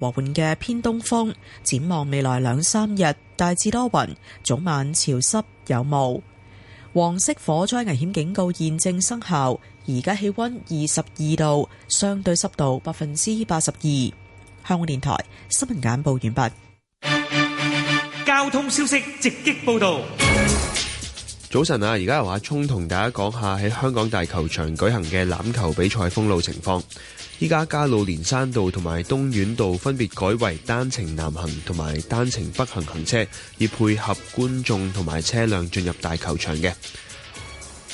和緩嘅偏東風，展望未來兩三日大致多雲，早晚潮濕有霧。黃色火災危險警告現正生效。而家氣溫二十二度，相對濕度百分之八十二。香港電台新聞簡報完畢。交通消息直擊報道。早晨啊，而家由阿聰同大家講下喺香港大球場舉行嘅欖球比賽封路情況。依家加路連山道同埋東苑道分別改為單程南行同埋單程北行行車，以配合觀眾同埋車輛進入大球場嘅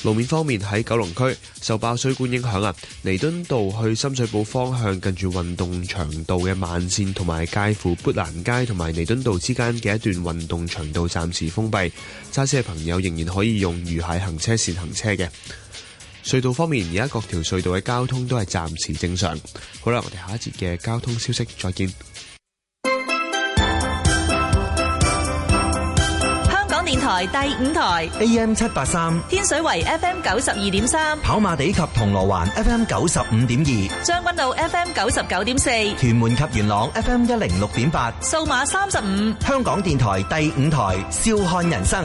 路面。方面喺九龍區受爆水管影響啊，彌敦道去深水埗方向近住運動場道嘅慢線同埋介乎砵蘭街同埋彌敦道之間嘅一段運動場道暫時封閉，揸車嘅朋友仍然可以用魚蟹行車線行車嘅。隧道方面，而家各條隧道嘅交通都係暫時正常。好啦，我哋下一節嘅交通消息再見。香港電台第五台 AM 七八三，天水圍 FM 九十二點三，跑馬地及銅鑼灣 FM 九十五點二，將軍澳 FM 九十九點四，屯門及元朗 FM 一零六點八，數碼三十五，香港電台第五台笑看人生。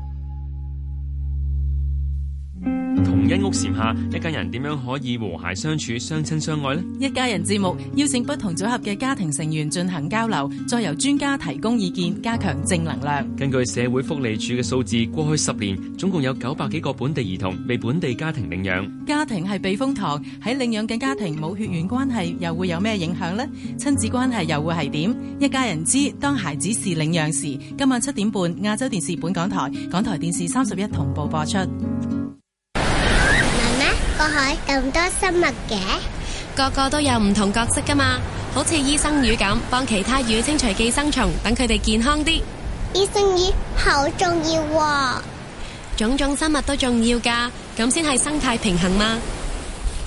一間屋檐下，一家人點樣可以和諧相處、相親相愛呢？一家人節目邀請不同組合嘅家庭成員進行交流，再由專家提供意見，加強正能量。根據社會福利署嘅數字，過去十年總共有九百幾個本地兒童被本地家庭領養。家庭係避風塘，喺領養嘅家庭冇血緣關係，又會有咩影響呢？親子關係又會係點？一家人知，當孩子是領養時，今晚七點半，亞洲電視本港台、港台電視三十一同步播出。個海咁多生物嘅，個個都有唔同角色噶嘛，好似醫生魚咁，幫其他魚清除寄生蟲，等佢哋健康啲。醫生魚好重要哦，種種生物都重要噶，咁先係生態平衡嘛。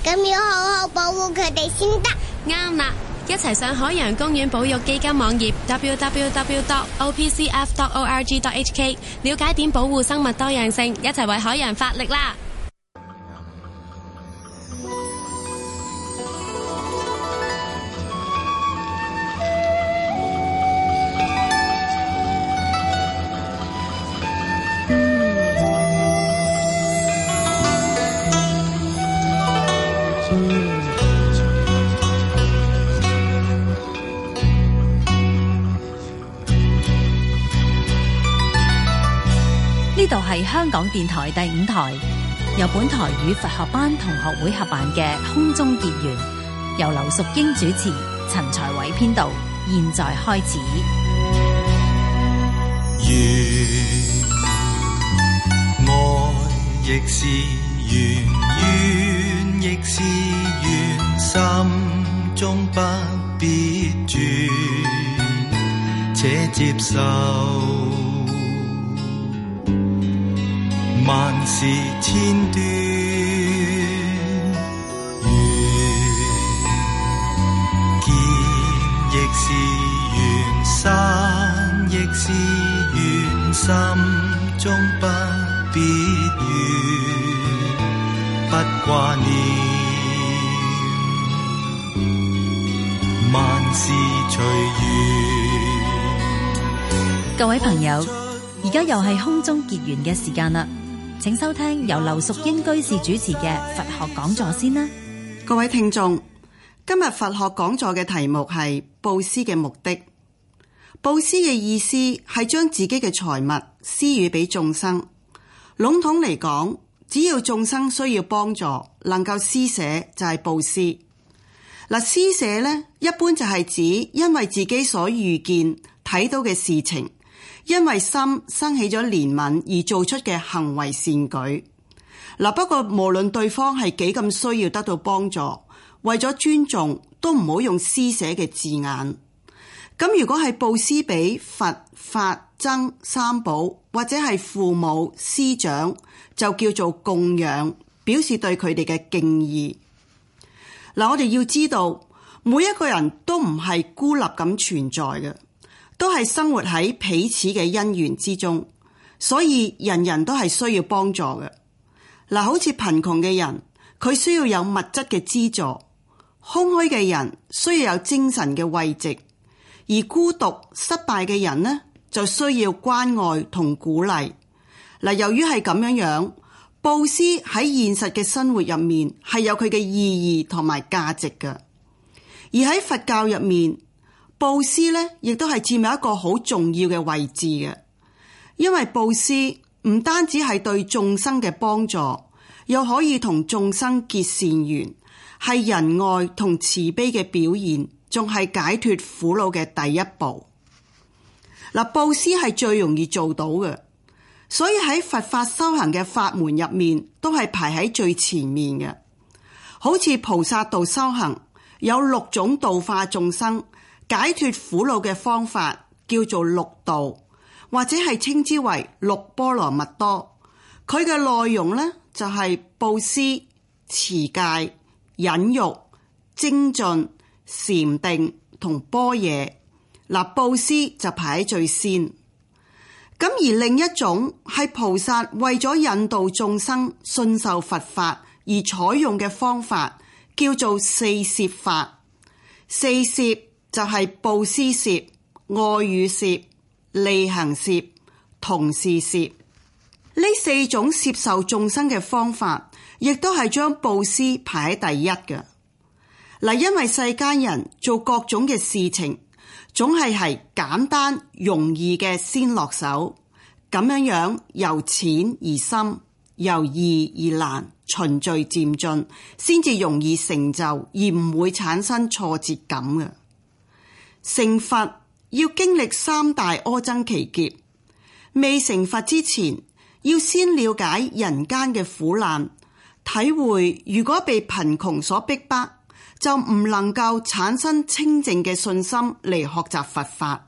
咁要好好保護佢哋先得。啱啦，一齊上海洋公園保育基金網頁 www.opcf.org.hk，了解點保護生物多樣性，一齊為海洋發力啦！係香港電台第五台，由本台與佛學班同學會合辦嘅空中結緣，由劉淑英主持，陳才偉編導。現在開始。怨愛亦是緣，怨亦是緣，心中不必怨，且接受。萬事千端，緣見亦是緣，散亦是緣，心中不必怨，不掛念，萬事隨緣。各位朋友，而家又係空中結緣嘅時間啦！請收聽由劉淑英居士主持嘅佛學講座先啦，各位聽眾，今日佛學講座嘅題目係布施嘅目的。布施嘅意思係將自己嘅財物施予俾眾生。籠統嚟講，只要眾生需要幫助，能夠施捨就係布施。嗱，施捨呢一般就係指因為自己所遇見、睇到嘅事情。因為心生起咗憐憫而做出嘅行為善舉，嗱，不過無論對方係幾咁需要得到幫助，為咗尊重，都唔好用施捨嘅字眼。咁如果係布施俾佛、法、僧三寶，或者係父母師長，就叫做供養，表示對佢哋嘅敬意。嗱，我哋要知道每一個人都唔係孤立咁存在嘅。都係生活喺彼此嘅因緣之中，所以人人都係需要幫助嘅。嗱，好似貧窮嘅人，佢需要有物質嘅資助；空虛嘅人需要有精神嘅慰藉；而孤獨、失敗嘅人呢，就需要關愛同鼓勵。嗱，由於係咁樣樣，布施喺現實嘅生活入面係有佢嘅意義同埋價值嘅，而喺佛教入面，布施咧，亦都係佔有一個好重要嘅位置嘅，因為布施唔單止係對眾生嘅幫助，又可以同眾生結善緣，係仁愛同慈悲嘅表現，仲係解脫苦惱嘅第一步。嗱，布施係最容易做到嘅，所以喺佛法修行嘅法門入面都係排喺最前面嘅。好似菩薩道修行有六種度化眾生。解脫苦惱嘅方法叫做六度，或者係稱之為六波羅蜜多。佢嘅內容呢，就係、是、布施、持戒、忍辱、精進、禪定同般若嗱。布施就排喺最先咁，而另一種係菩薩為咗引導眾生信受佛法而採用嘅方法，叫做四攝法。四攝。就係布施攝、愛語攝、利行攝、同事攝呢四種攝受眾生嘅方法，亦都係將布施排喺第一嘅嗱。因為世間人做各種嘅事情，總係係簡單容易嘅先落手，咁樣樣由淺而深，由易而難，循序漸進，先至容易成就，而唔會產生挫折感嘅。成佛要經歷三大阿僧祇劫，未成佛之前，要先了解人間嘅苦難，體會如果被貧窮所逼迫，就唔能夠產生清淨嘅信心嚟學習佛法。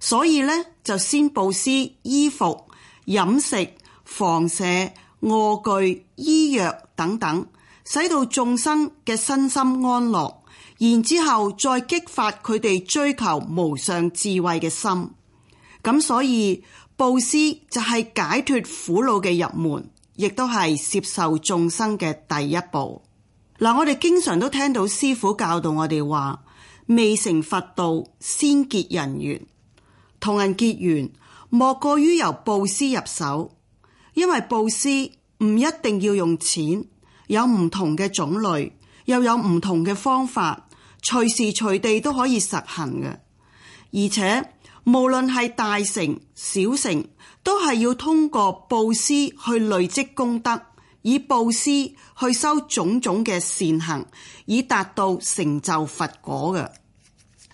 所以咧，就先布施衣服、飲食、房舍、臥具、醫藥等等，使到眾生嘅身心安樂。然之後再激發佢哋追求無上智慧嘅心，咁所以布施就係解脱苦惱嘅入門，亦都係攝受眾生嘅第一步。嗱、嗯，我哋經常都聽到師父教導我哋話：未成佛道，先結人緣。同人結緣，莫過於由布施入手，因為布施唔一定要用錢，有唔同嘅種類，又有唔同嘅方法。隨時隨地都可以實行嘅，而且無論係大乘小乘，都係要通過布施去累積功德，以布施去修種種嘅善行，以達到成就佛果嘅。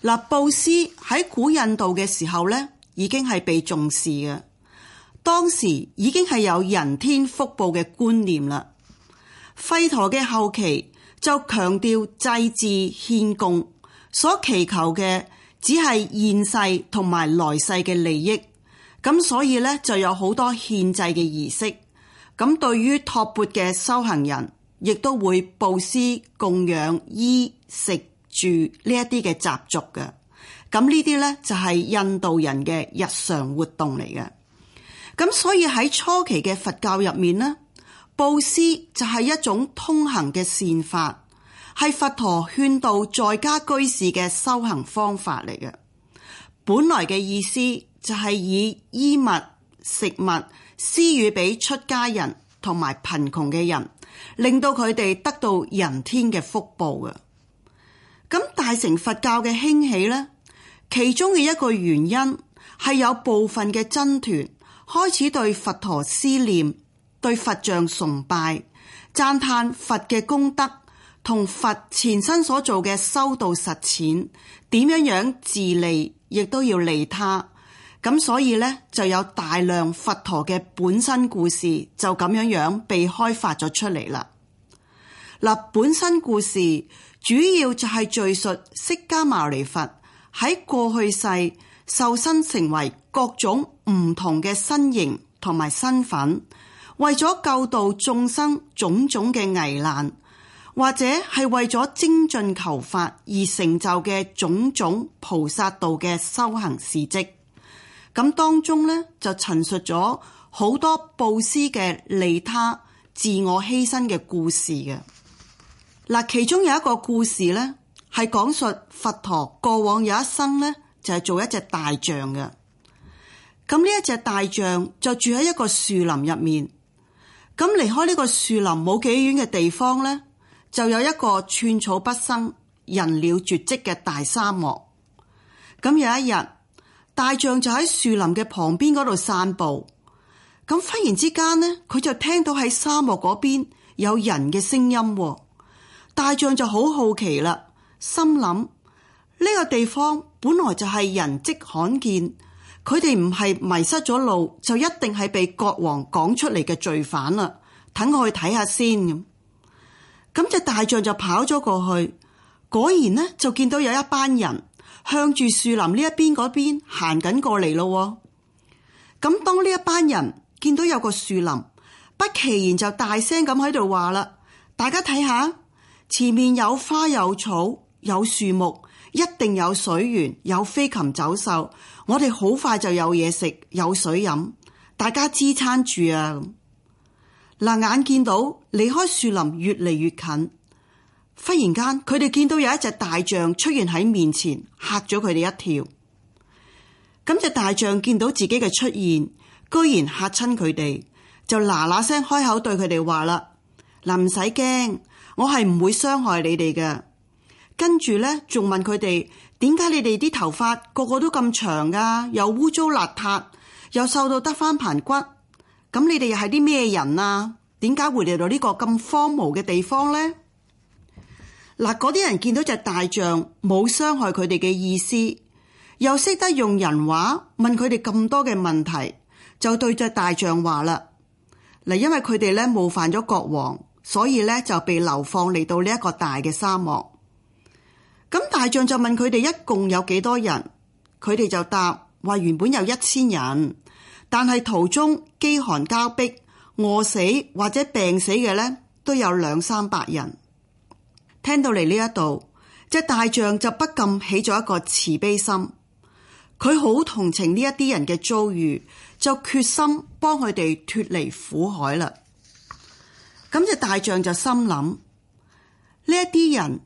嗱，布施喺古印度嘅時候咧，已經係被重視嘅，當時已經係有人天福報嘅觀念啦。吠陀嘅後期，就強調祭祀獻供，所祈求嘅只係現世同埋來世嘅利益。咁所以咧，就有好多獻祭嘅儀式。咁對於托缽嘅修行人，亦都會布施、供養、衣食住呢一啲嘅習俗嘅。咁呢啲咧就係印度人嘅日常活動嚟嘅。咁所以喺初期嘅佛教入面咧。布施就係一種通行嘅善法，係佛陀勸導在家居士嘅修行方法嚟嘅。本來嘅意思就係以衣物、食物施予俾出家人同埋貧窮嘅人，令到佢哋得到人天嘅福報嘅。咁大乘佛教嘅興起呢，其中嘅一個原因係有部分嘅僧團開始對佛陀思念，對佛像崇拜，讚歎佛嘅功德，同佛前身所做嘅修道實踐，點樣樣自利，亦都要利他。咁所以呢，就有大量佛陀嘅本生故事，就咁樣樣被開發咗出嚟啦。嗱，本生故事主要就係敘述釋迦牟尼佛喺過去世受身成為各種唔同嘅身形，同埋身份。為咗救度眾生種種嘅危難，或者係為咗精進求法而成就嘅種種菩薩道嘅修行事跡，咁當中呢，就陳述咗好多布施嘅利他、自我犧牲嘅故事嘅嗱。其中有一個故事呢，係講述佛陀過往有一生呢，就係做一隻大象嘅。咁呢一隻大象就住喺一個樹林入面。咁離開呢個樹林冇幾遠嘅地方呢，就有一個寸草不生、人鳥絕跡嘅大沙漠。咁有一日，大象就喺樹林嘅旁邊嗰度散步。咁忽然之間呢，佢就聽到喺沙漠嗰邊有人嘅聲音。大象就好好奇啦，心諗呢個地方本來就係人跡罕見。佢哋唔係迷失咗路，就一定係被國王講出嚟嘅罪犯啦。等我去睇下先咁，咁隻大象就跑咗過去，果然呢，就見到有一班人向住樹林呢一邊嗰邊行緊過嚟咯。咁當呢一班人見到有個樹林，不其然就大聲咁喺度話啦：「大家睇下前面有花有草有樹木，一定有水源，有飛禽走獸。我哋好快就有嘢食，有水飲，大家支撐住啊！嗱，眼見到離開樹林越嚟越近，忽然間佢哋見到有一隻大象出現喺面前，嚇咗佢哋一跳。咁隻大象見到自己嘅出現，居然嚇親佢哋，就嗱嗱聲開口對佢哋話啦：嗱，唔使驚，我係唔會傷害你哋嘅。跟住咧，仲問佢哋。點解你哋啲頭髮個個都咁長噶、啊？又污糟邋遢，又瘦到得翻盤骨，咁你哋又係啲咩人啊？點解會嚟到呢個咁荒蕪嘅地方呢？嗱，嗰啲人見到隻大象冇傷害佢哋嘅意思，又識得用人話問佢哋咁多嘅問題，就對隻大象話啦。嗱，因為佢哋咧冒犯咗國王，所以咧就被流放嚟到呢一個大嘅沙漠。咁大象就問佢哋一共有幾多人？佢哋就答：話原本有一千人，但係途中飢寒交迫，餓死或者病死嘅咧，都有兩三百人。聽到嚟呢一度,隻大象就不禁起咗一個慈悲心，佢好同情呢一啲人嘅遭遇，就決心幫佢哋脫離苦海啦。咁隻大象就心諗：呢一啲人。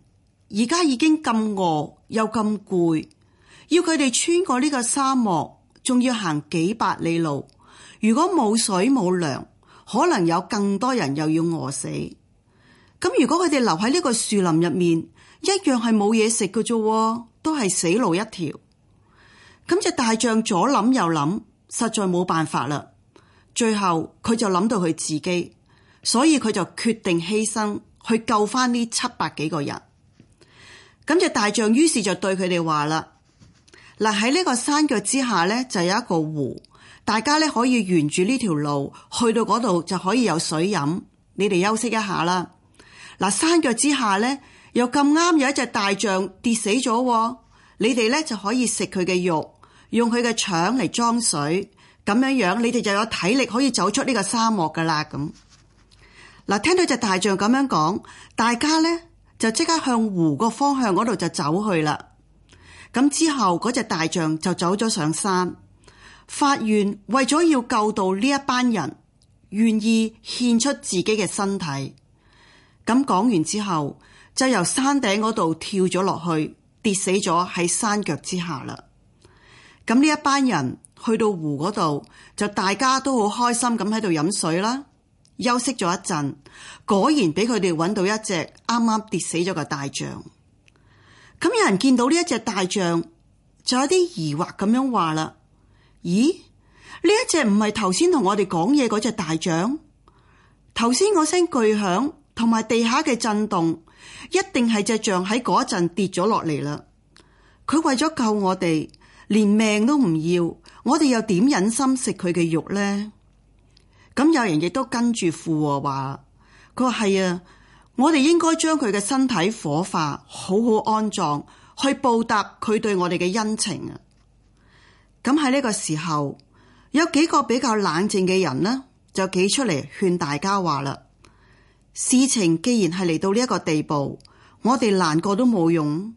而家已經咁餓又咁攰，要佢哋穿過呢個沙漠，仲要行幾百里路。如果冇水冇糧，可能有更多人又要餓死。咁如果佢哋留喺呢個樹林入面，一樣係冇嘢食噶，啫，都係死路一條。咁隻大象左諗右諗，實在冇辦法啦。最後佢就諗到佢自己，所以佢就決定犧牲去救翻呢七百幾個人。咁隻大象於是就對佢哋話啦：嗱，喺呢個山腳之下咧，就有一個湖，大家咧可以沿住呢條路去到嗰度就可以有水飲，你哋休息一下啦。嗱，山腳之下咧又咁啱有一隻大象跌死咗，你哋咧就可以食佢嘅肉，用佢嘅腸嚟裝水，咁樣樣你哋就有體力可以走出呢個沙漠噶啦。咁嗱，聽到隻大象咁樣講，大家咧。就即刻向湖個方向嗰度就走去啦。咁之後嗰隻大象就走咗上山，發願為咗要救到呢一班人，願意獻出自己嘅身體。咁講完之後，就由山頂嗰度跳咗落去，跌死咗喺山腳之下啦。咁呢一班人去到湖嗰度，就大家都好開心咁喺度飲水啦。休息咗一陣，果然俾佢哋揾到一隻啱啱跌死咗嘅大象。咁有人見到呢一隻大象，就有啲疑惑咁樣話啦：咦，呢一隻唔係頭先同我哋講嘢嗰隻大象？頭先嗰聲巨響同埋地下嘅震動，一定係隻象喺嗰陣跌咗落嚟啦。佢為咗救我哋，連命都唔要，我哋又點忍心食佢嘅肉呢？咁有人亦都跟住附和話，佢話係啊，我哋應該將佢嘅身體火化，好好安葬，去報答佢對我哋嘅恩情啊！咁喺呢個時候，有幾個比較冷靜嘅人呢，就企出嚟勸大家話啦：事情既然係嚟到呢一個地步，我哋難過都冇用，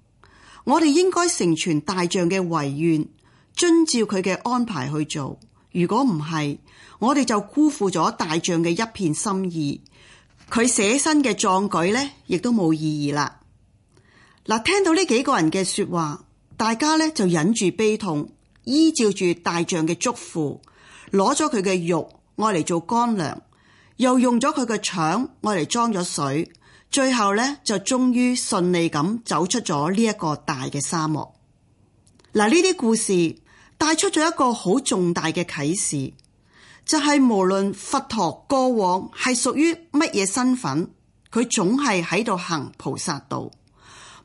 我哋應該成全大象嘅遺願，遵照佢嘅安排去做。如果唔係，我哋就辜負咗大象嘅一片心意，佢捨身嘅壯舉呢亦都冇意義啦。嗱，聽到呢幾個人嘅說話，大家咧就忍住悲痛，依照住大象嘅囑咐，攞咗佢嘅肉愛嚟做乾糧，又用咗佢嘅腸愛嚟裝咗水，最後咧就終於順利咁走出咗呢一個大嘅沙漠。嗱，呢啲故事帶出咗一個好重大嘅啟示。就係無論佛陀過往係屬於乜嘢身份，佢總係喺度行菩薩道，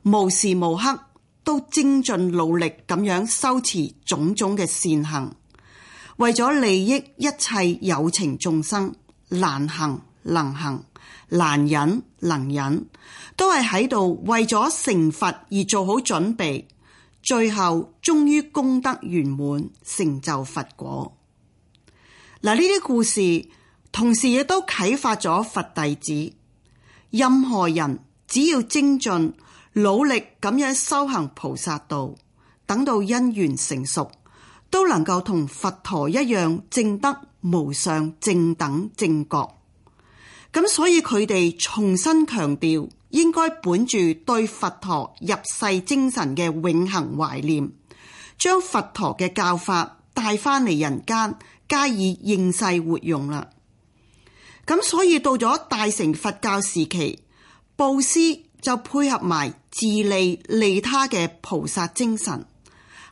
無時無刻都精進努力咁樣修持種種嘅善行，為咗利益一切有情眾生，難行能行，難忍能忍，忍能忍都係喺度為咗成佛而做好準備。最後終於功德圓滿，成就佛果。嗱，呢啲故事同時亦都啟發咗佛弟子，任何人只要精進、努力咁樣修行菩薩道，等到因緣成熟，都能夠同佛陀一樣證得無上正等正覺。咁所以佢哋重新強調，應該本住對佛陀入世精神嘅永恆懷念，將佛陀嘅教法帶返嚟人間。加以應世活用啦，咁所以到咗大乘佛教時期，布施就配合埋自利利他嘅菩薩精神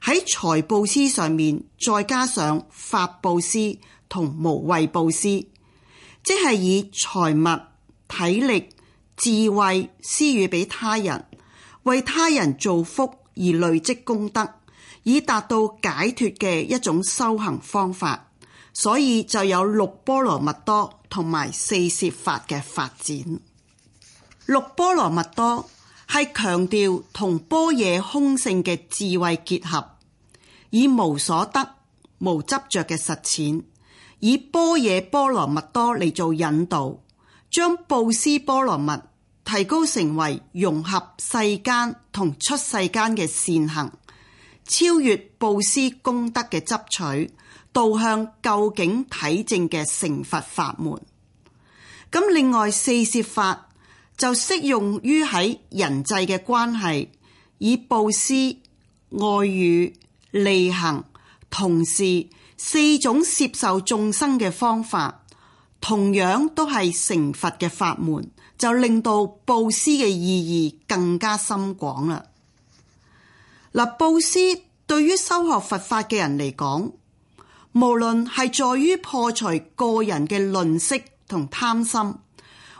喺財布施上面，再加上法布施同無畏布施，即係以財物、體力、智慧施予俾他人，為他人造福而累積功德，以達到解脫嘅一種修行方法。所以就有六波羅蜜多同埋四攝法嘅發展。六波羅蜜多係強調同般若空性嘅智慧結合，以無所得、無執着嘅實踐，以般若波羅蜜多嚟做引導，將布施波羅蜜提高成為融合世間同出世間嘅善行，超越布施功德嘅執取。導向究竟體證嘅成佛法門。咁另外四攝法就適用於喺人際嘅關係，以布施、愛語、利行、同事四種攝受眾生嘅方法，同樣都係成佛嘅法門，就令到布施嘅意義更加深廣啦。嗱，布施對於修學佛法嘅人嚟講。無論係在於破除個人嘅吝嗇同貪心，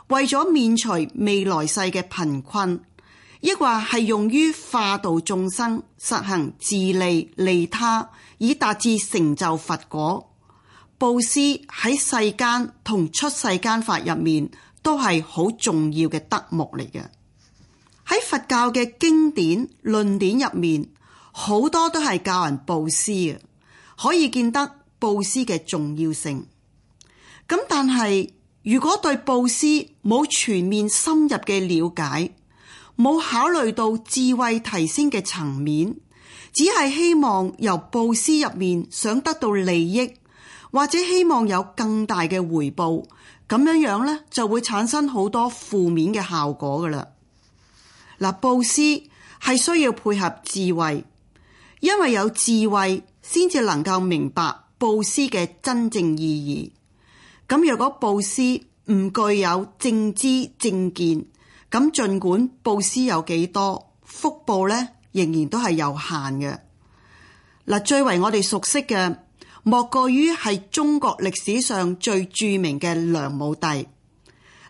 為咗免除未來世嘅貧困，抑或係用於化度眾生，實行自利利他，以達至成就佛果。布施喺世間同出世間法入面都係好重要嘅德目嚟嘅。喺佛教嘅經典論點入面，好多都係教人布施啊，可以見得布施嘅重要性咁，但係如果對布施冇全面深入嘅了解，冇考慮到智慧提升嘅層面，只係希望由布施入面想得到利益，或者希望有更大嘅回報，咁樣樣呢就會產生好多負面嘅效果㗎喇。嗱，布施係需要配合智慧，因為有智慧先至能夠明白。布施嘅真正意義，咁若果布施唔具有正知正見，咁盡管布施有幾多，福報咧仍然都係有限嘅。嗱，最為我哋熟悉嘅，莫過於係中國歷史上最著名嘅梁武帝。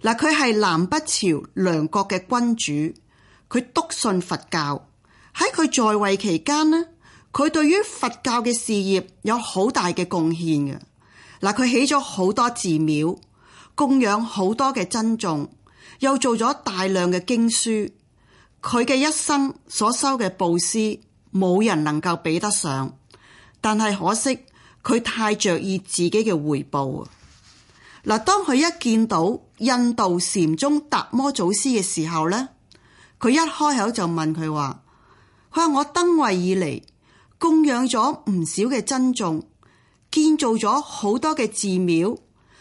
嗱，佢係南北朝梁國嘅君主，佢篤信佛教，喺佢在位期間呢。佢對於佛教嘅事業有好大嘅貢獻嘅嗱，佢起咗好多寺廟，供養好多嘅僧眾，又做咗大量嘅經書。佢嘅一生所收嘅布施，冇人能夠比得上。但係可惜佢太着意自己嘅回報啊嗱。當佢一見到印度禪宗達摩祖師嘅時候咧，佢一開口就問佢話，佢話我登位以嚟。供養咗唔少嘅僧眾，建造咗好多嘅寺廟，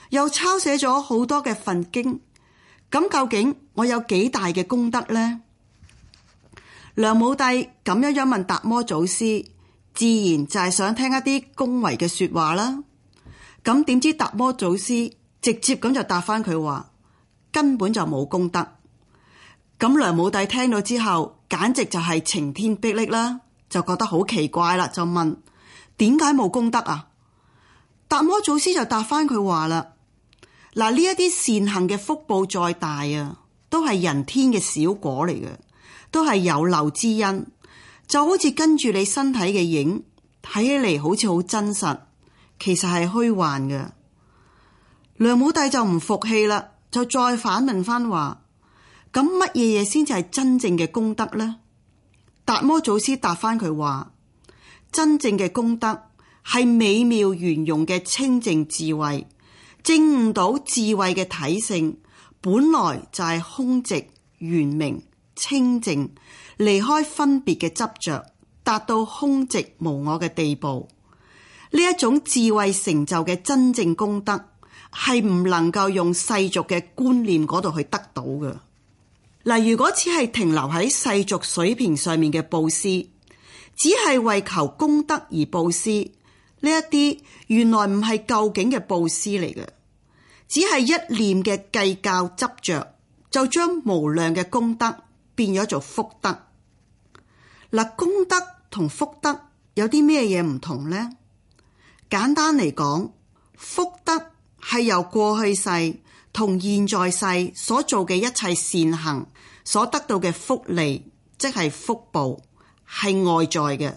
又抄寫咗好多嘅佛經。咁究竟我有幾大嘅功德呢？梁武帝咁樣一問達摩祖師，自然就係想聽一啲恭維嘅說話啦。咁點知達摩祖師直接咁就答翻佢話，根本就冇功德。咁梁武帝聽到之後，簡直就係晴天霹靂啦！就覺得好奇怪啦，就問點解冇功德啊？達摩祖師就答翻佢話啦：嗱，呢一啲善行嘅福報再大啊，都係人天嘅小果嚟嘅，都係有漏之因。就好似跟住你身體嘅影，睇起嚟好似好真實，其實係虛幻嘅。梁武帝就唔服氣啦，就再反問翻話：咁乜嘢嘢先至係真正嘅功德咧？達摩祖師答翻佢話：真正嘅功德係美妙圓融嘅清淨智慧，證悟到智慧嘅體性本來就係空寂圓明清淨，離開分別嘅執着，達到空寂無我嘅地步。呢一種智慧成就嘅真正功德，係唔能夠用世俗嘅觀念嗰度去得到嘅。嗱，如果只係停留喺世俗水平上面嘅布施，只係為求功德而布施，呢一啲原來唔係究竟嘅布施嚟嘅，只係一念嘅計較執着，就將無量嘅功德變咗做福德。嗱，功德同福德有啲咩嘢唔同呢？簡單嚟講，福德係由過去世。同現在世所做嘅一切善行所得到嘅福利，即係福報，係外在嘅；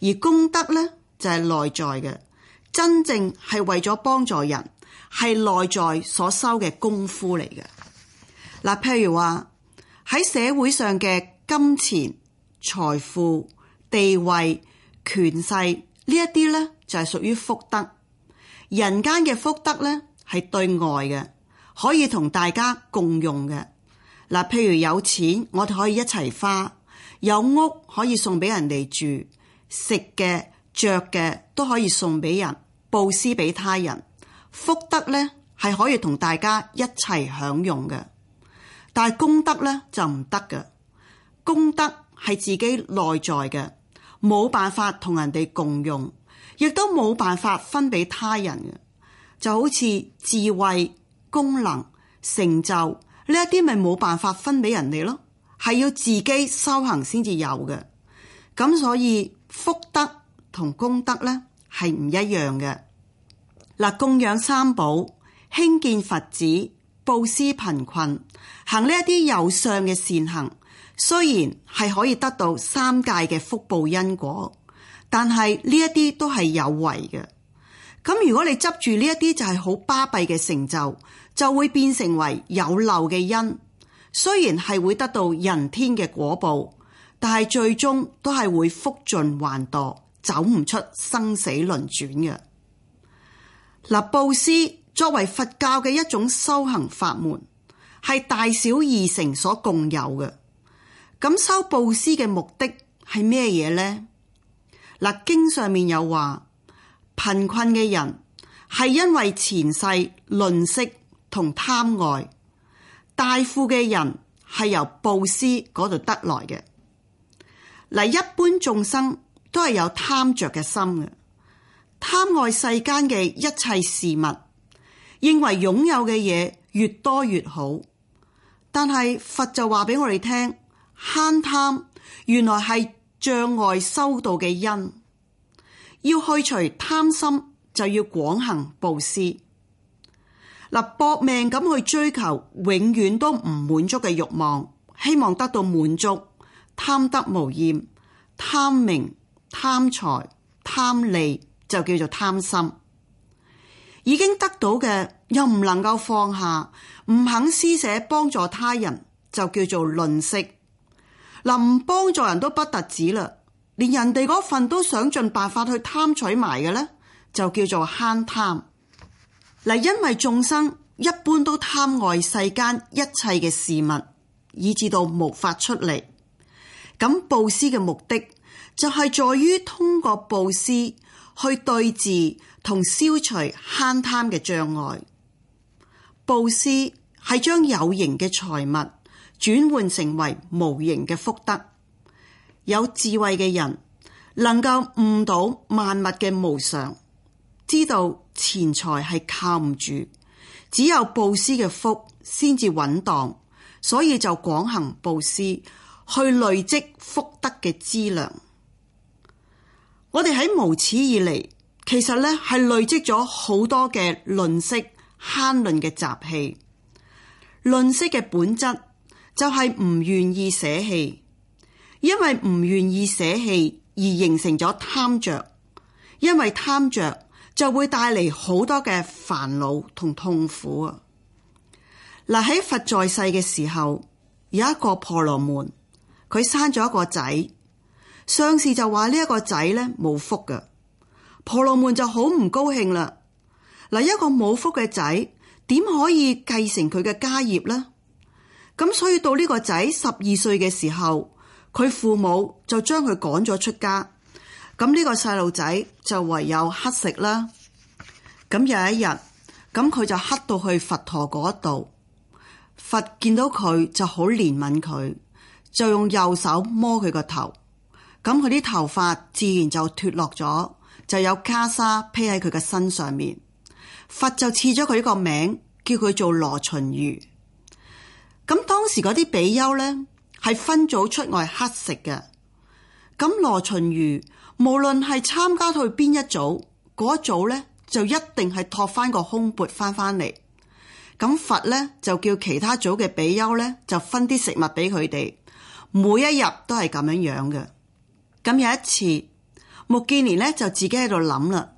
而功德呢，就係內在嘅，真正係為咗幫助人，係內在所收嘅功夫嚟嘅。嗱，譬如話喺社會上嘅金錢、財富、地位、權勢呢一啲呢，就係屬於福德。人間嘅福德呢，係對外嘅。可以同大家共用嘅。嗱，譬如有錢，我哋可以一齊花；有屋可以送俾人哋住，食嘅、着嘅都可以送俾人，布施俾他人。福德咧係可以同大家一齊享用嘅，但係功德咧就唔得嘅。功德係自己內在嘅，冇辦法同人哋共用，亦都冇辦法分俾他人嘅，就好似智慧。功能成就呢一啲咪冇辦法分俾人哋咯，係要自己修行先至有嘅。咁所以福德同功德咧，係唔一樣嘅。嗱，供養三寶、興建佛寺、布施貧困、行呢一啲有相嘅善行，雖然係可以得到三界嘅福報因果，但係呢一啲都係有為嘅。咁如果你執住呢一啲就係好巴閉嘅成就，就會變成為有漏嘅因，雖然係會得到人天嘅果報，但係最終都係會福盡還墮，走唔出生死輪轉嘅。嗱，布施作為佛教嘅一種修行法門，係大小二乘所共有嘅。咁修布施嘅目的係咩嘢呢？嗱，經上面有話。貧困嘅人係因為前世吝嗇同貪愛，大富嘅人係由布施嗰度得來嘅。嗱，一般眾生都係有貪着嘅心嘅，貪愛世間嘅一切事物，認為擁有嘅嘢，越多越好。但係佛就話俾我哋聽，慳貪原來係障礙修道嘅因。要去除貪心，就要廣行布施。嗱，搏命咁去追求永遠都唔滿足嘅慾望，希望得到滿足，貪得無厭，貪名、貪財、貪利，就叫做貪心。已經得到嘅又唔能夠放下，唔肯施捨幫助他人，就叫做吝嗇。嗱，唔幫助人都不特止啦。連人哋嗰份都想盡辦法去貪取埋嘅呢，就叫做慳貪。嗱，因為眾生一般都貪愛世間一切嘅事物，以至到無法出嚟。咁布施嘅目的就係在於通過布施去對治同消除慳貪嘅障礙。布施係將有形嘅財物轉換成為無形嘅福德。有智慧嘅人，能夠悟到萬物嘅無常，知道錢財係靠唔住，只有布施嘅福先至穩當，所以就廣行布施，去累積福德嘅資糧。我哋喺無始以嚟，其實呢係累積咗好多嘅吝嗇慳吝嘅習氣。吝嗇嘅本質就係唔願意捨棄。因為唔願意捨棄而形成咗貪着。因為貪着，就會帶嚟好多嘅煩惱同痛苦啊。嗱，喺佛在世嘅時候，有一個婆羅門，佢生咗一個仔，上士就話呢一個仔呢冇福嘅，婆羅門就好唔高興啦。嗱，一個冇福嘅仔點可以繼承佢嘅家業呢？咁所以到呢個仔十二歲嘅時候。佢父母就將佢趕咗出家，咁、這、呢個細路仔就唯有乞食啦。咁有一日，咁佢就乞到去佛陀嗰度，佛見到佢就好憐憫佢，就用右手摸佢個頭，咁佢啲頭髮自然就脫落咗，就有袈裟披喺佢嘅身上面。佛就賜咗佢一個名，叫佢做羅睺羅。咁當時嗰啲比丘咧，係分組出外乞食嘅，咁羅秦宇無論係參加去邊一組，嗰一組咧就一定係托翻個空缽翻返嚟咁佛咧就叫其他組嘅比丘咧就分啲食物俾佢哋，每一日都係咁樣樣嘅。咁有一次，目犍連咧就自己喺度諗啦，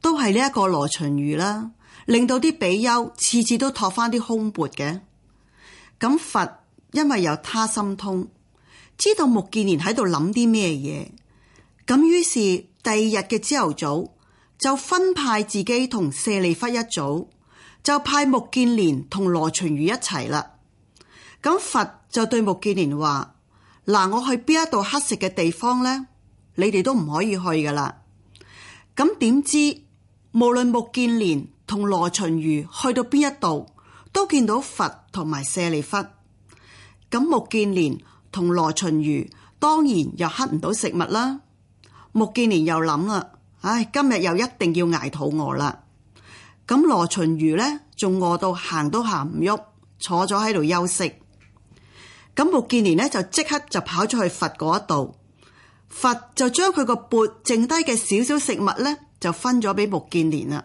都係呢一個羅秦宇啦，令到啲比丘次次都托翻啲空鉢嘅。咁佛。因為有他心通，知道目犍連喺度諗啲咩嘢，咁於是第二日嘅朝頭早就分派自己同舍利弗一組，就派目犍連同羅旬瑜一齊啦。咁佛就對目犍連話：嗱，我去邊一度乞食嘅地方咧，你哋都唔可以去噶啦。咁點知，無論目犍連同羅旬瑜去到邊一度，都見到佛同埋舍利弗。咁目犍連同羅秦余當然又乞唔到食物啦。目犍連又諗啦，唉，今日又一定要捱肚餓啦。咁羅秦余呢仲餓到行都行唔喐，坐咗喺度休息。咁目犍連呢就即刻就跑咗去佛嗰度，佛就將佢個鉢剩低嘅少少食物呢，就分咗畀目犍連啦。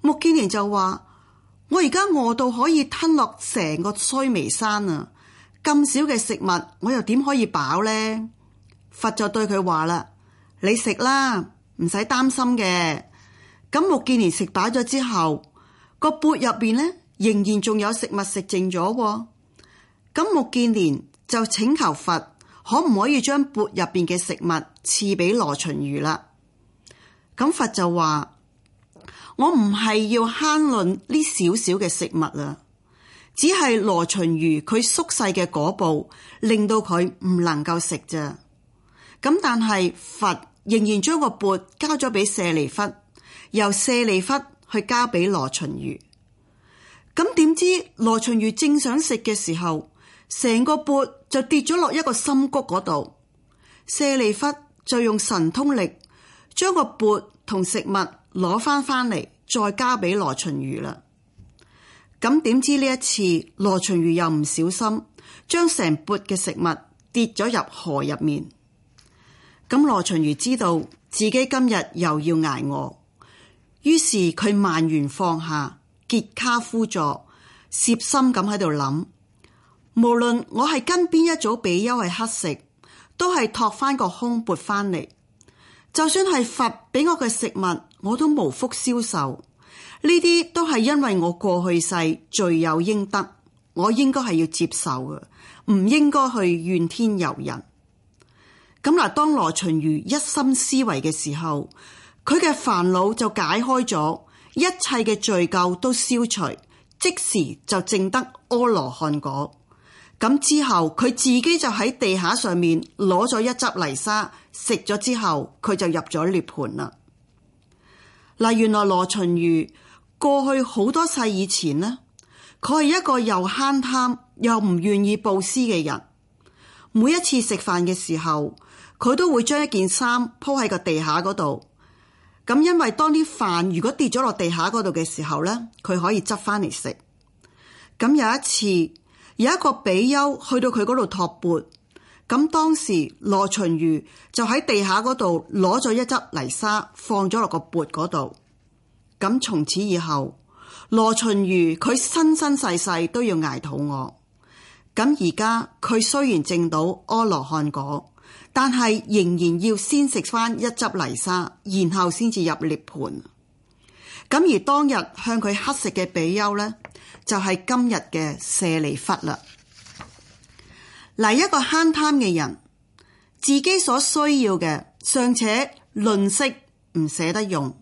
目犍連就話。我而家餓到可以吞落成個須彌山啊！咁少嘅食物，我又點可以飽呢？佛就對佢話啦：你食啦，唔使擔心嘅。咁目犍連食飽咗之後，個鉢入邊咧仍然仲有食物食剩咗。咁目犍連就請求佛可唔可以將鉢入邊嘅食物賜俾羅秦如啦？咁佛就話。我唔係要慳吝呢少少嘅食物啊，只係羅秦如佢縮細嘅果報，令到佢唔能夠食咋。咁但係佛仍然將個缽交咗俾舍利弗，由舍利弗去交俾羅秦如。咁點知羅秦如正想食嘅時候，成個缽就跌咗落一個深谷嗰度。舍利弗就用神通力將個缽同食物。攞翻返嚟，再交俾羅秦如啦。咁點知呢一次羅秦如又唔小心將成缽嘅食物跌咗入河入面。咁羅秦如知道自己今日又要捱餓，於是佢萬緣放下結跏趺坐，攝心咁喺度諗，無論我係跟邊一組比丘係乞食，都係托翻個空缽返嚟，就算係佛畀我嘅食物，我都無福消受，呢啲都係因為我過去世罪有應得，我應該係要接受嘅，唔應該去怨天尤人。咁嗱，當羅秦如一心思維嘅時候，佢嘅煩惱就解開咗，一切嘅罪咎都消除，即時就證得阿羅漢果。咁之後佢自己就喺地下上面攞咗一粒泥沙，食咗之後，佢就入咗涅槃啦。嗱，原來羅秦如過去好多世以前呢，佢係一個又慳貪又唔願意布施嘅人。每一次食飯嘅時候，佢都會將一件衫鋪喺個地下嗰度。咁因為當啲飯如果跌咗落地下嗰度嘅時候呢，佢可以執翻嚟食。咁有一次，有一個比丘去到佢嗰度托缽。咁當時羅睺羅就喺地下嗰度攞咗一粒泥沙放咗落個缽嗰度。咁從此以後，羅睺羅佢生生世世都要挨肚餓。咁而家佢雖然證到阿羅漢果，但係仍然要先食返一粒泥沙，然後先至入涅槃。咁而當日向佢乞食嘅比丘咧，就係今日嘅舍利弗啦。嚟一個慳貪嘅人，自己所需要嘅尚且吝嗇唔捨得用，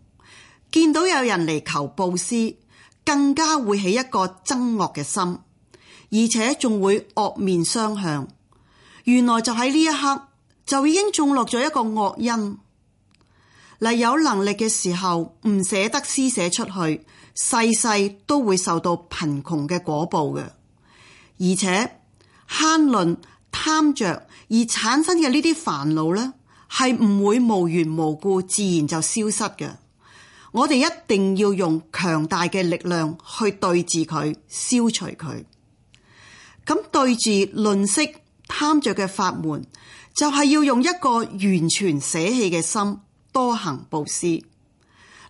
見到有人嚟求布施，更加會起一個憎惡嘅心，而且仲會惡面相向。原來就喺呢一刻就已經種落咗一個惡因。嚟有能力嘅時候唔捨得施捨出去，世世都會受到貧窮嘅果報嘅，而且。慳吝、貪着而產生嘅呢啲煩惱呢，係唔會無緣無故自然就消失嘅。我哋一定要用強大嘅力量去對治佢，消除佢。咁對治吝嗇貪着嘅法門，就係要用一個完全捨棄嘅心，多行布施。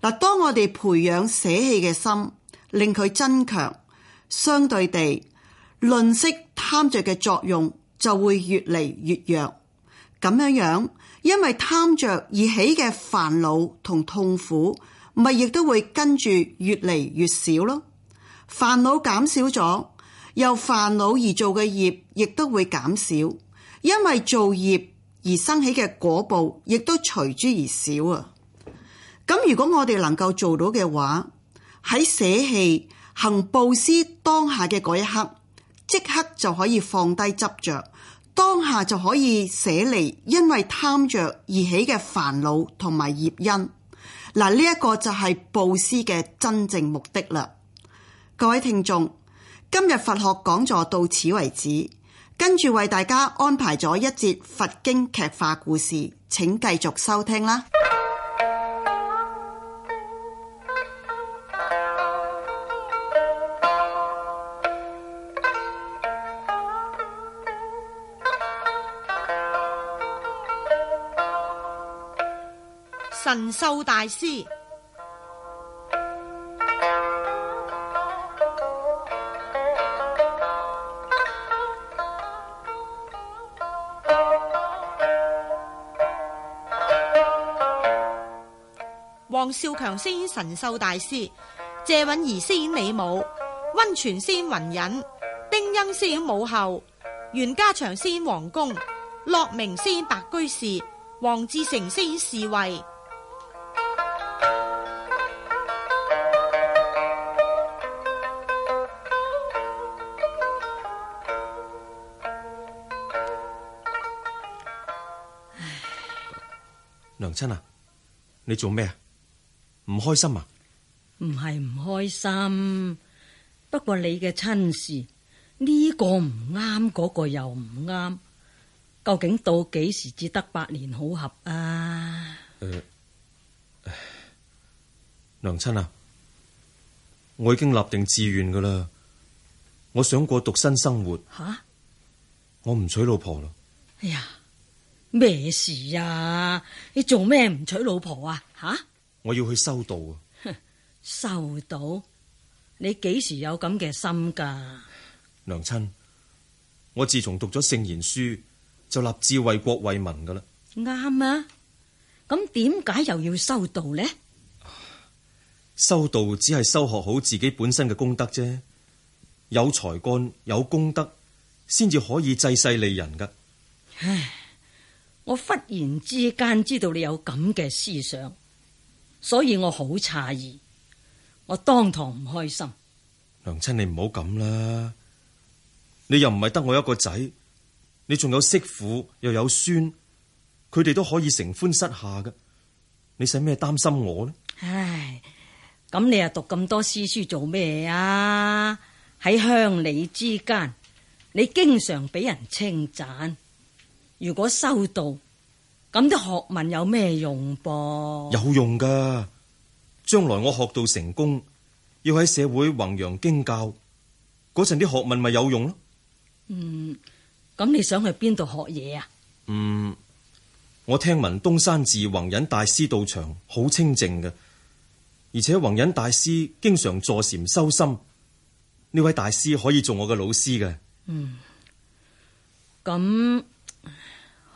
嗱，當我哋培養捨棄嘅心，令佢增強，相對地。吝嗇貪着嘅作用就會越嚟越弱，咁樣樣，因為貪着而起嘅煩惱同痛苦，咪亦都會跟住越嚟越少咯。煩惱減少咗，由煩惱而做嘅業亦都會減少，因為做業而生起嘅果報，亦都隨之而少啊。咁如果我哋能夠做到嘅話，喺捨棄行布施當下嘅嗰一刻。即刻就可以放低執着，當下就可以捨離因為貪着而起嘅煩惱同埋業因。嗱，呢一個就係布施嘅真正目的啦。各位聽眾，今日佛學講座到此為止，跟住為大家安排咗一節佛經劇化故事，請繼續收聽啦。。神秀大師，黃少強飾演神秀大師，謝允儀飾演李母，溫泉飾演雲隱，丁恩飾演武后，袁家祥飾演王公，樂明飾演白居士，黃志成飾演侍衛。親啊，你做咩啊？唔開心啊？唔係唔開心，不過你嘅親事呢個唔啱，嗰個又唔啱，究竟到幾時至得百年好合啊？嗯、呃，娘親啊，我已經立定志願噶啦，我想過獨身生活。吓、啊，我唔娶老婆啦。哎呀！咩事啊？你做咩唔娶老婆啊？吓、啊！我要去修道。啊！ 修道？你幾時有咁嘅心噶？娘親，我自從讀咗聖賢書，就立志為國為民噶啦。啱 啊！咁點解又要修道呢？修道只係修學好自己本身嘅功德啫。有才幹，有功德，先至可以濟世利人噶。唉。 我忽然之間知道你有咁嘅思想，所以我好詫異，我當堂唔開心。娘親，你唔好咁啦，你又唔係得我一個仔，你仲有媳婦又有孫，佢哋都可以承歡膝下嘅，你使咩擔心我呢？唉，咁你又讀咁多詩書做咩啊？喺鄉里之間，你經常俾人稱讚。如果修道，咁啲學問有咩用噃？有用噶，將來我學到成功，要喺社會弘揚經教，嗰陣啲學問咪有用咯。嗯，咁你想去邊度學嘢啊？嗯，我聽聞東山寺弘忍大師道場，好清靜嘅，而且弘忍大師經常坐禪修心，呢位大師可以做我嘅老師嘅。嗯，咁。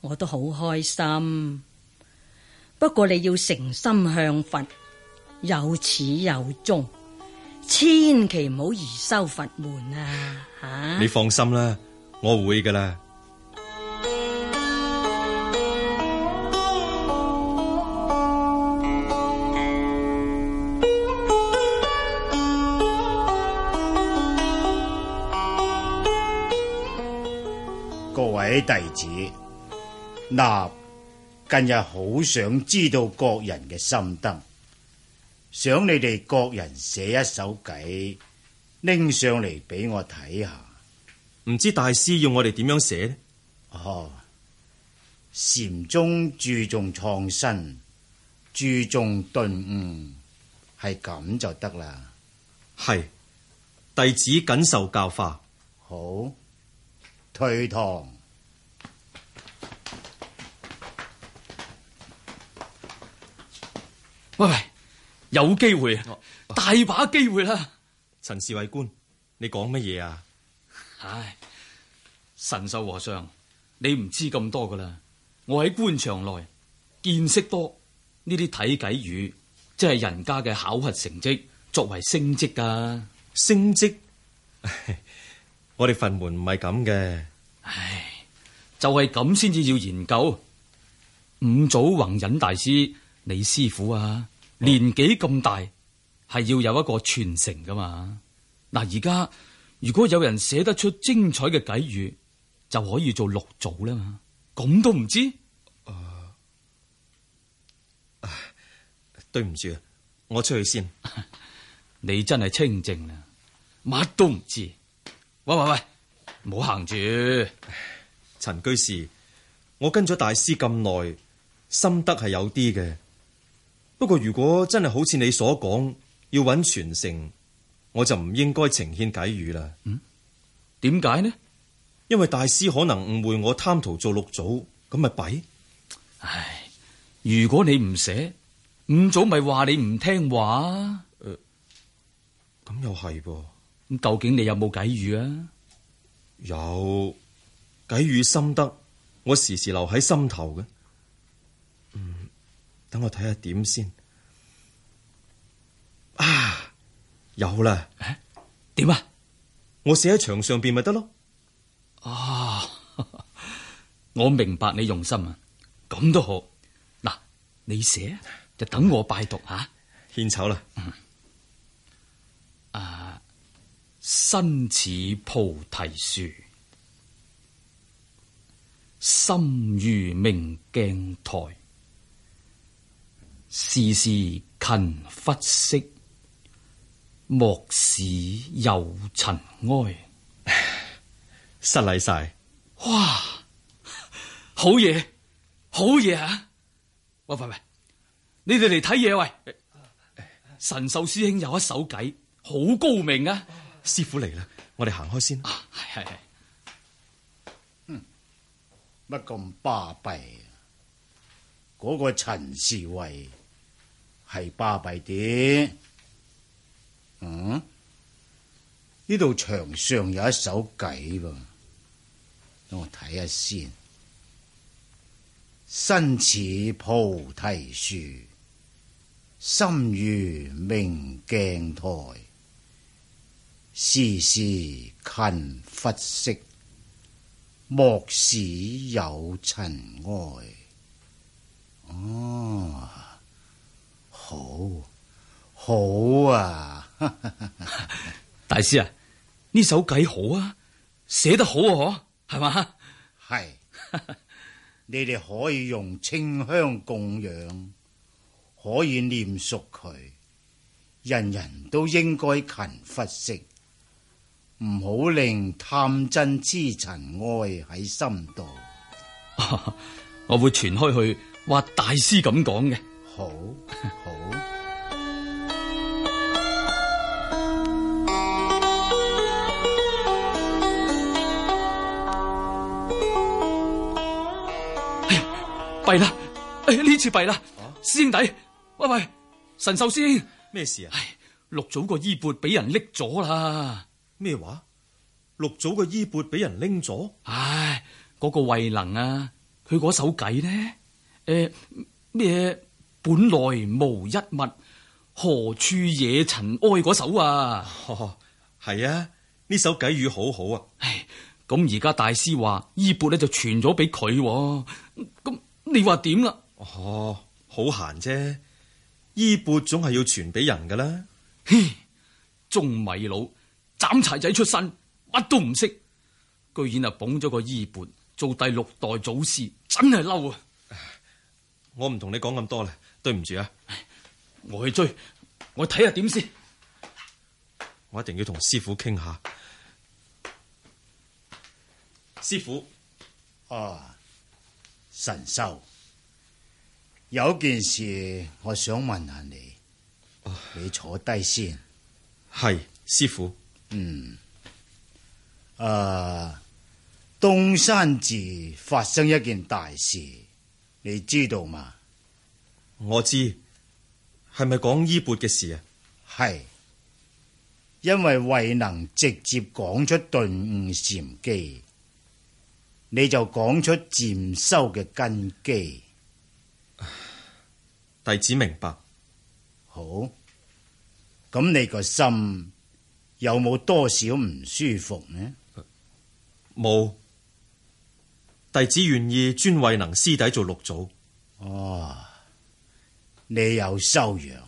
我都好開心，不過你要誠心向佛，有始有終，千祈唔好易修佛門啊！吓、啊，你放心啦，我會噶啦。各位弟子。嗱，近日好想知道各人嘅心得，想你哋各人寫一首偈，拎上嚟俾我睇下。唔知大師要我哋點樣寫咧？哦，禪宗注重創新，注重頓悟，係咁就得啦。係，弟子謹受教化。好，退堂。喂喂，有機會，啊、大把機會啦！陳侍衛官，你講乜嘢啊？唉、哎，神秀和尚，你唔知咁多噶啦。我喺官場內見識多，呢啲體計語即係人家嘅考核成績，作為升職噶、啊、升職職。 我哋佛門唔係咁嘅，唉、哎，就係咁先至要研究五祖弘忍大師。你師傅啊，我 年紀咁大，係要有一個傳承噶嘛？嗱，而家如果有人寫得出精彩嘅偈語，就可以做六祖啦嘛？咁都唔知？誒、呃，對唔住，我出去先。你真係清靜啦，乜都唔知。喂喂喂，唔好行住，陳居士，我跟咗大師咁耐，心得係有啲嘅。不過如果真係好似你所講，要揾全城，我就唔應該呈獻偈語啦。嗯，點解呢？因為大師可能誤會我貪圖做六祖，咁咪弊。唉，如果你唔寫，五祖咪話你唔聽話。誒、呃，咁又係噃？咁究竟你有冇偈語啊？有，偈語心得我時時留喺心頭嘅。等我睇下點先啊！有啦，點啊？啊，我寫喺牆上邊咪得咯。哦、啊，我明白你用心啊，咁都好。嗱，你寫就等我拜讀啊。獻醜啦、嗯。啊，身似菩提樹，心如明鏡台。時時勤拂拭，莫使有塵埃。失禮晒！哇，好嘢，好嘢啊！喂喂喂，你哋嚟睇嘢喂！神秀師兄有一手計，好高明啊！哎哎哎、師傅嚟啦，我哋行開先。係係係，乜咁巴閉啊？嗰個陳士衛。係巴閉啲，嗯？呢度牆上有一首偈噃，等我睇下先。身似菩提樹，心如明鏡台，時時勤拂拭，莫使有塵埃。哦、啊。好好啊， 大師啊，呢首偈好啊，寫得好啊，嗬，係嘛？係，你哋可以用清香供養，可以念熟佢，人人都應該勤拂拭，唔好令貪瞋痴塵埃喺心度。 我會傳開去，話大師咁講嘅。好，好。哎呀，弊啦！哎，呢次弊啦，師兄弟，喂喂，神秀師兄，咩事啊？六祖個衣缽俾人拎咗啦？咩話？六祖個衣缽俾人拎咗？唉，嗰個慧能啊，佢嗰手計呢，誒咩？本來無一物，何處惹塵埃？嗰首啊，係、哦、啊，呢首偈語好好啊。咁而家大師話衣缽呢就傳咗俾佢，咁你話點啦？哦，好閒啫，衣缽總係要傳俾人噶啦。舂米佬斬柴仔出身，乜都唔識，居然啊捧咗個衣缽做第六代祖師，真係嬲啊！我唔同你講咁多啦，對唔住啊！我去追，我睇下點先。我一定要同師傅傾下。師傅，啊，神秀，有件事我想問下你。你坐低先。係、啊、師傅。嗯。啊，東山寺發生一件大事。你知道嘛？我知，係咪講衣缽嘅事啊？係，因為未能直接講出頓悟禪機，你就講出漸修嘅根基。弟子明白。好，咁你個心有冇多少唔舒服呢？冇。弟子願意尊慧能師弟做六祖。哦，你有修養，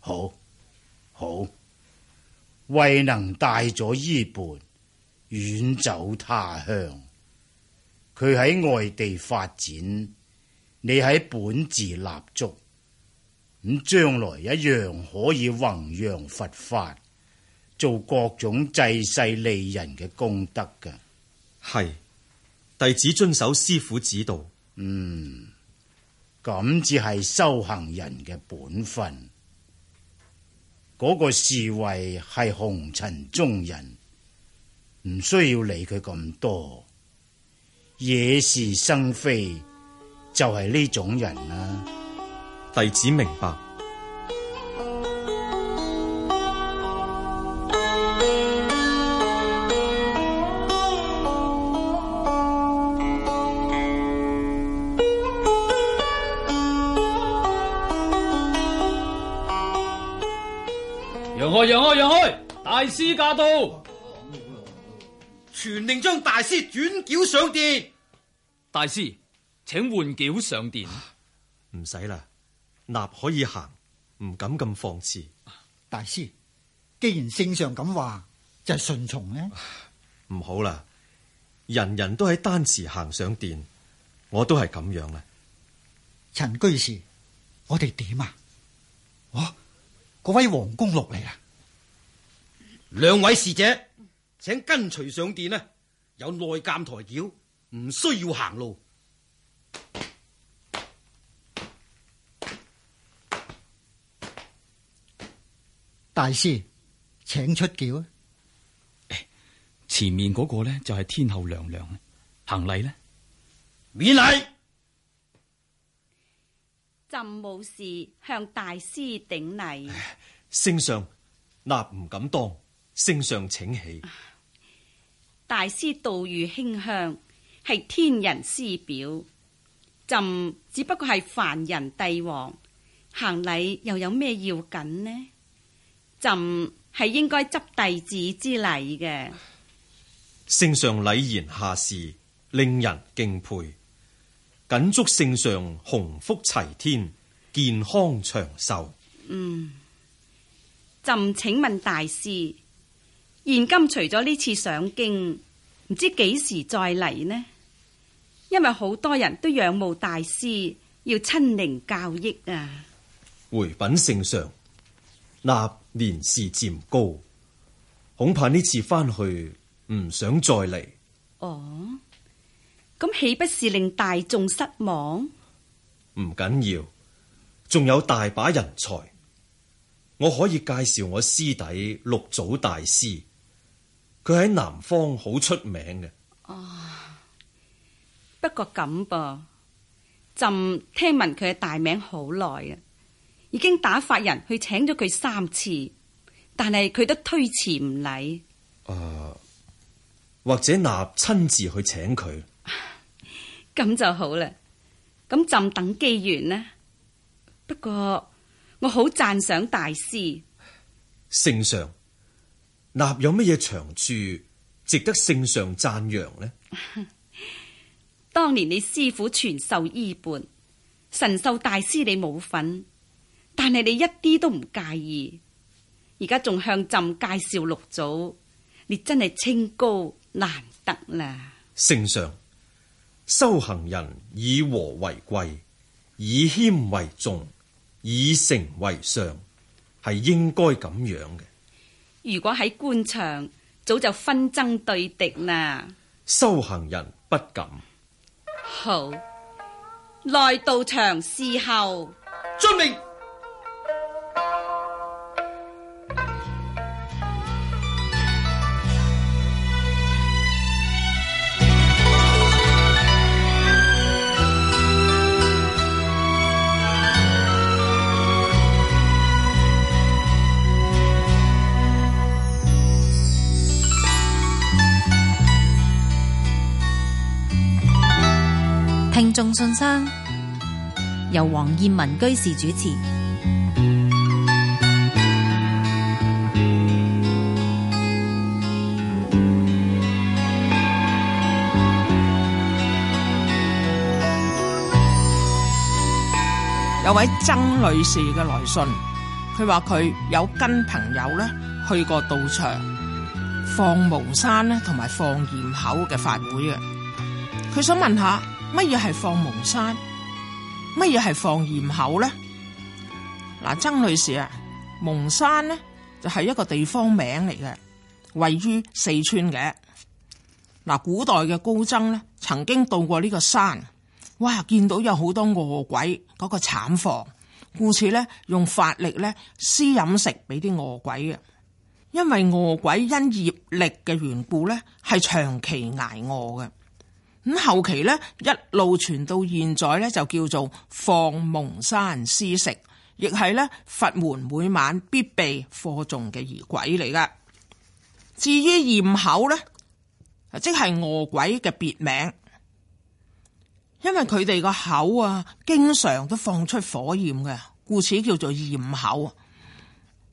好好。慧能帶咗衣鉢遠走他鄉，佢喺外地發展，你喺本寺立足，咁將來一樣可以弘揚佛法，做各種濟世利人嘅功德噶。係。弟子遵守師父指導，嗯，咁至係修行人嘅本分。嗰、那個侍衛係紅塵中人，唔需要理佢咁多，惹是生非就係、是、呢種人啦、啊。弟子明白。讓開讓開！大師駕到，全令將大師轉轎上殿。大師，請換轎上殿。唔使啦，立可以行，唔敢咁放肆。大師，既然聖上咁話，就係順從呢？唔好啦，人人都喺丹墀行上殿，我都係咁樣啦。陳居士，我哋點啊？哦，嗰位王公落嚟啦。兩位使者，請跟隨上殿啦。有內監抬轎，唔需要行路。大師，請出轎。前面嗰個咧就係天后娘娘，行禮咧。免禮。朕冇事，向大師頂禮。聖上，那唔敢當。聖上，請起。大師道譽馨香，係天人師表。朕只不過係凡人帝王，行禮又有咩要緊呢？朕係應該執弟子之禮嘅。聖上禮賢下士，令人敬佩。謹祝聖上鴻福齊天，健康長壽。嗯，朕請問大師。現今除咗呢次上京，唔知幾時再嚟呢？因為好多人都仰慕大師，要親臨教益啊！回稟聖上，立年事漸高，恐怕呢次翻去唔想再嚟。哦，咁豈不是令大眾失望？唔緊要，仲有大把人才，我可以介紹我師弟六祖大師。佢喺南方好出名嘅。哦，不過咁噃，朕聽聞佢嘅大名好耐啊，已經打發人去請咗佢三次，但係佢都推辭唔嚟。誒、啊，或者納親自去請佢，咁、啊、就好啦。咁朕等機緣呢？不過我好讚賞大師，聖上。立有乜嘢長處，值得聖上讚揚呢？ 當年你師傅傳授衣缽，神秀大師你冇份，但係你一啲都唔介意，而家仲向朕介紹六祖，你真係清高難得啦！聖上，修行人以和為貴，以謙為重，以誠為上，係應該咁樣嘅。如果喺官場，早就紛爭對敵啦。修行人不敢。好，來道場伺候。遵命。眾信生由黃燕文居士主持。有位曾女士嘅來信，佢話佢有跟朋友咧去過道場放毛山咧，同埋放焰口嘅法會嘅，佢想問下。乜嘢係放蒙山？乜嘢係放焰口咧？嗱，曾女士啊，蒙山咧就係一個地方名嚟嘅，位於四川嘅。嗱，古代嘅高僧呢曾經到過呢個山，哇，見到有好多餓鬼嗰個慘況。故此呢，用法力呢施飲食俾啲餓鬼嘅，因為餓鬼因業力嘅緣故呢係長期挨餓嘅。咁後期呢，一路傳到現在呢，就叫做放蒙山施食，亦係呢佛門每晚必備課誦嘅儀軌嚟噶。至於焰口呢，即係餓鬼嘅別名，因為佢哋個口啊經常都放出火焰嘅，故此叫做焰口。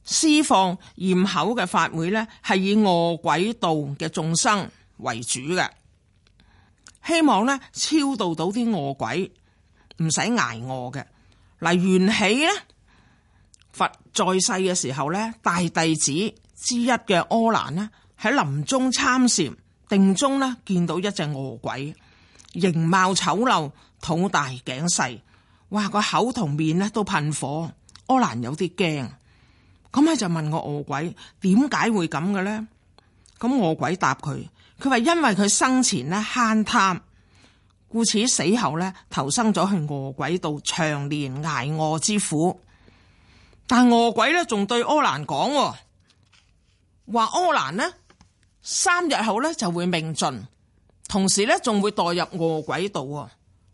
施放焰口嘅法會呢，係以餓鬼道嘅眾生為主嘅。希望咧超度到啲餓鬼，唔使捱餓嘅。嗱，緣起呢，佛在世嘅時候呢，大弟子之一嘅阿難呢，喺林中參禪定中呢，見到一隻餓鬼，形貌醜陋，肚大頸細，哇個口同面咧都噴火，阿難有啲驚，咁佢就問我：「餓鬼點解會咁嘅呢？」咁餓鬼答佢。佢話因為佢生前咧慳貪，故此死後咧投生咗去餓鬼道，長年挨餓之苦。但餓鬼咧仲對柯蘭講，話柯蘭呢三日後咧就會命盡，同時咧仲會墮入餓鬼道。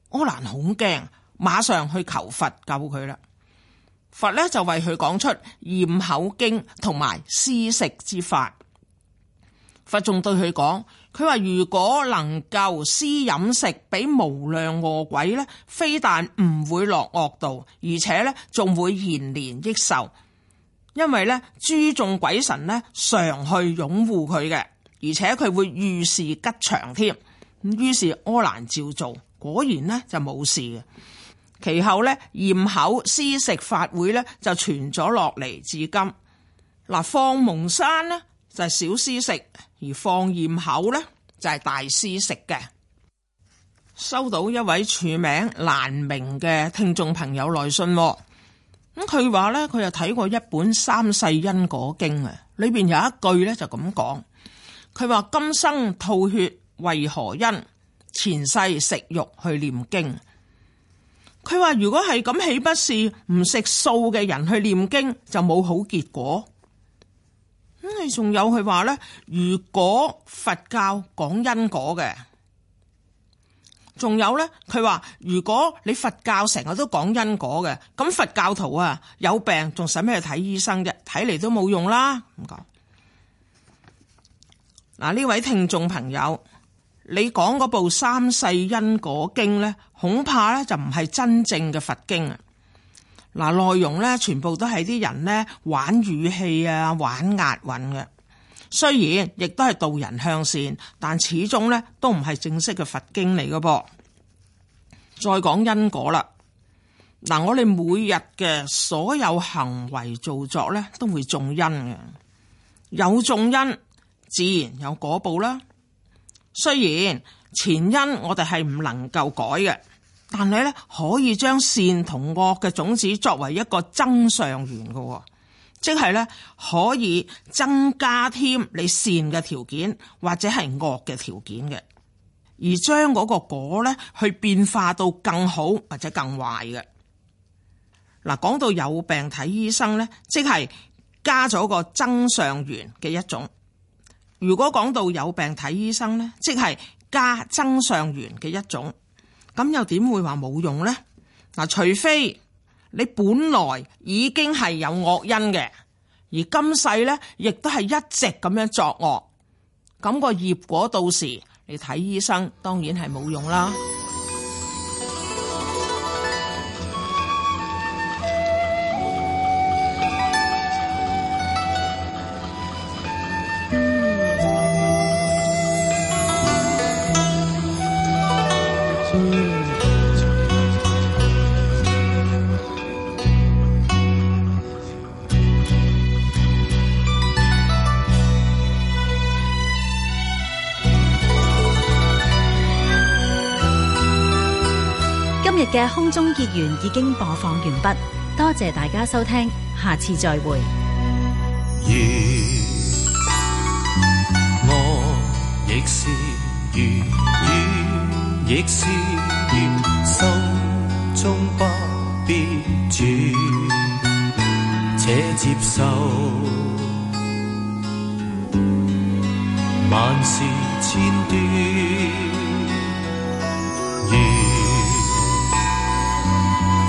柯蘭好驚，馬上去求佛救佢啦。佛咧就為佢講出驗口經同埋施食之法。佛仲對佢講，佢話：如果能夠施飲食俾無量餓鬼呢，非但唔會落惡道，而且呢仲會延年益壽，因為呢，諸眾鬼神呢常去擁護佢嘅，而且佢會遇事吉祥添。咁於是阿難照做，果然呢就冇事嘅。其後呢，焰口施食法會呢就傳咗落嚟至今。嗱，放蒙山呢就係小施食。而放焰口呢，就係、是、大師食嘅。收到一位署名難明嘅聽眾朋友來信，哦，咁佢話呢，佢又睇過一本《三世因果經》啊，裏邊有一句呢，就咁講，佢話今生吐血為何因？前世食肉去念經。佢話如果係咁，豈不是唔食素嘅人去念經就冇好結果？咁你仲有佢話咧？如果佛教講因果嘅，仲有咧？佢話如果你佛教成日都講因果嘅，咁佛教徒啊有病仲使咩去睇醫生啫？睇嚟都冇用啦！唔講，嗱呢位聽眾朋友，你講嗰部《三世因果經》咧，恐怕咧就唔係真正嘅佛經啊！嗱，內容咧全部都係啲人咧玩語氣啊，玩押韻嘅。雖然亦都係導人向善，但始終咧都唔係正式嘅佛經嚟嘅噃。再講因果啦。嗱，我哋每日嘅所有行為造作咧，都會種因嘅。有種因，自然有果報啦。雖然前因我哋係唔能夠改嘅。但係咧，可以將善同惡嘅種子作為一個增上緣嘅，即係咧可以增加添你善嘅條件或者係惡嘅條件嘅，而將嗰個果咧去變化到更好或者更壞嘅。嗱，講到有病睇醫生咧，即係加咗個增上緣嘅一種。如果講到有病睇醫生咧，即係加增上緣嘅一種。咁又點會話冇用呢？嗱，除非你本來已經係有惡因嘅，而今世呢亦都係一直咁樣作惡，咁個業果到時你睇醫生，當然係冇用啦。空中結緣已經播放完畢，多謝大家收聽，下次再會。我亦是月，你亦是月，心中不必轉，且接受萬事千端。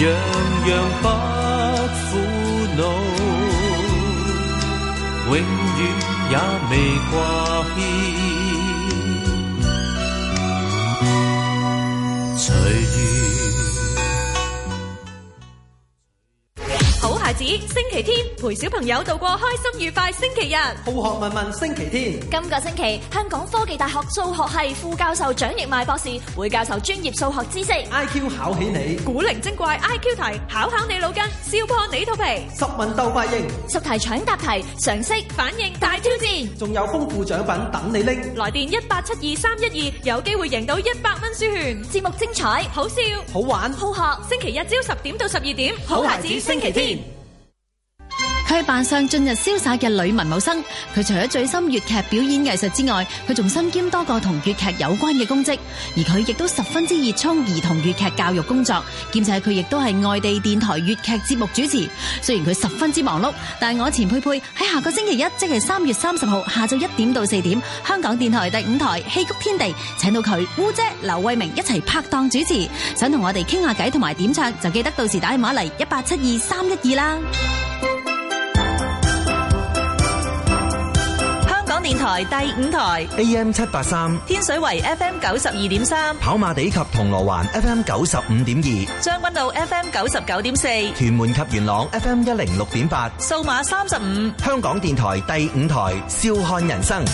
樣樣不苦惱，永遠也未掛牽。隨緣。星期天陪小朋友度過開心愉快星期日，好學問問星期天。今個星期香港科技大學數學系副教授蔣奕邁博士會教授專業數學知識，I Q 考起你，古靈精怪 I Q 題考考你腦筋，笑破你肚皮，十問都不應，十題搶答題，常識反應大挑戰，仲有豐富獎品等你拎。來電一八七二三一二，有機會贏到一百蚊書券。節目精彩，好笑，好玩，好學。星期日朝十點到十二點，好孩，好孩子星期天。佢扮相盡日瀟灑嘅女文武生，佢除咗醉心粵劇表演藝術之外，佢仲身兼多個同粵劇有關嘅公職，而佢亦都十分之熱衷兒童粵劇教育工作。兼且佢亦都係外地電台粵劇節目主持。雖然佢十分之忙碌，但係我錢佩佩喺下個星期一，即係三月三十號下晝一點到四點，香港電台第五台《戲曲天地》請到佢烏姐劉慧明一齊拍檔主持，想同我哋傾下偈同埋點唱，就記得到時打電話嚟一八七二三一二啦。電台第五台 AM 七八三，天水圍 FM 九十二點三，跑馬地及銅鑼灣 FM 九十五點二，將軍澳 FM 九十九點四，屯門及元朗 FM 一零六點八，數碼三十五，香港電台第五台笑看人生。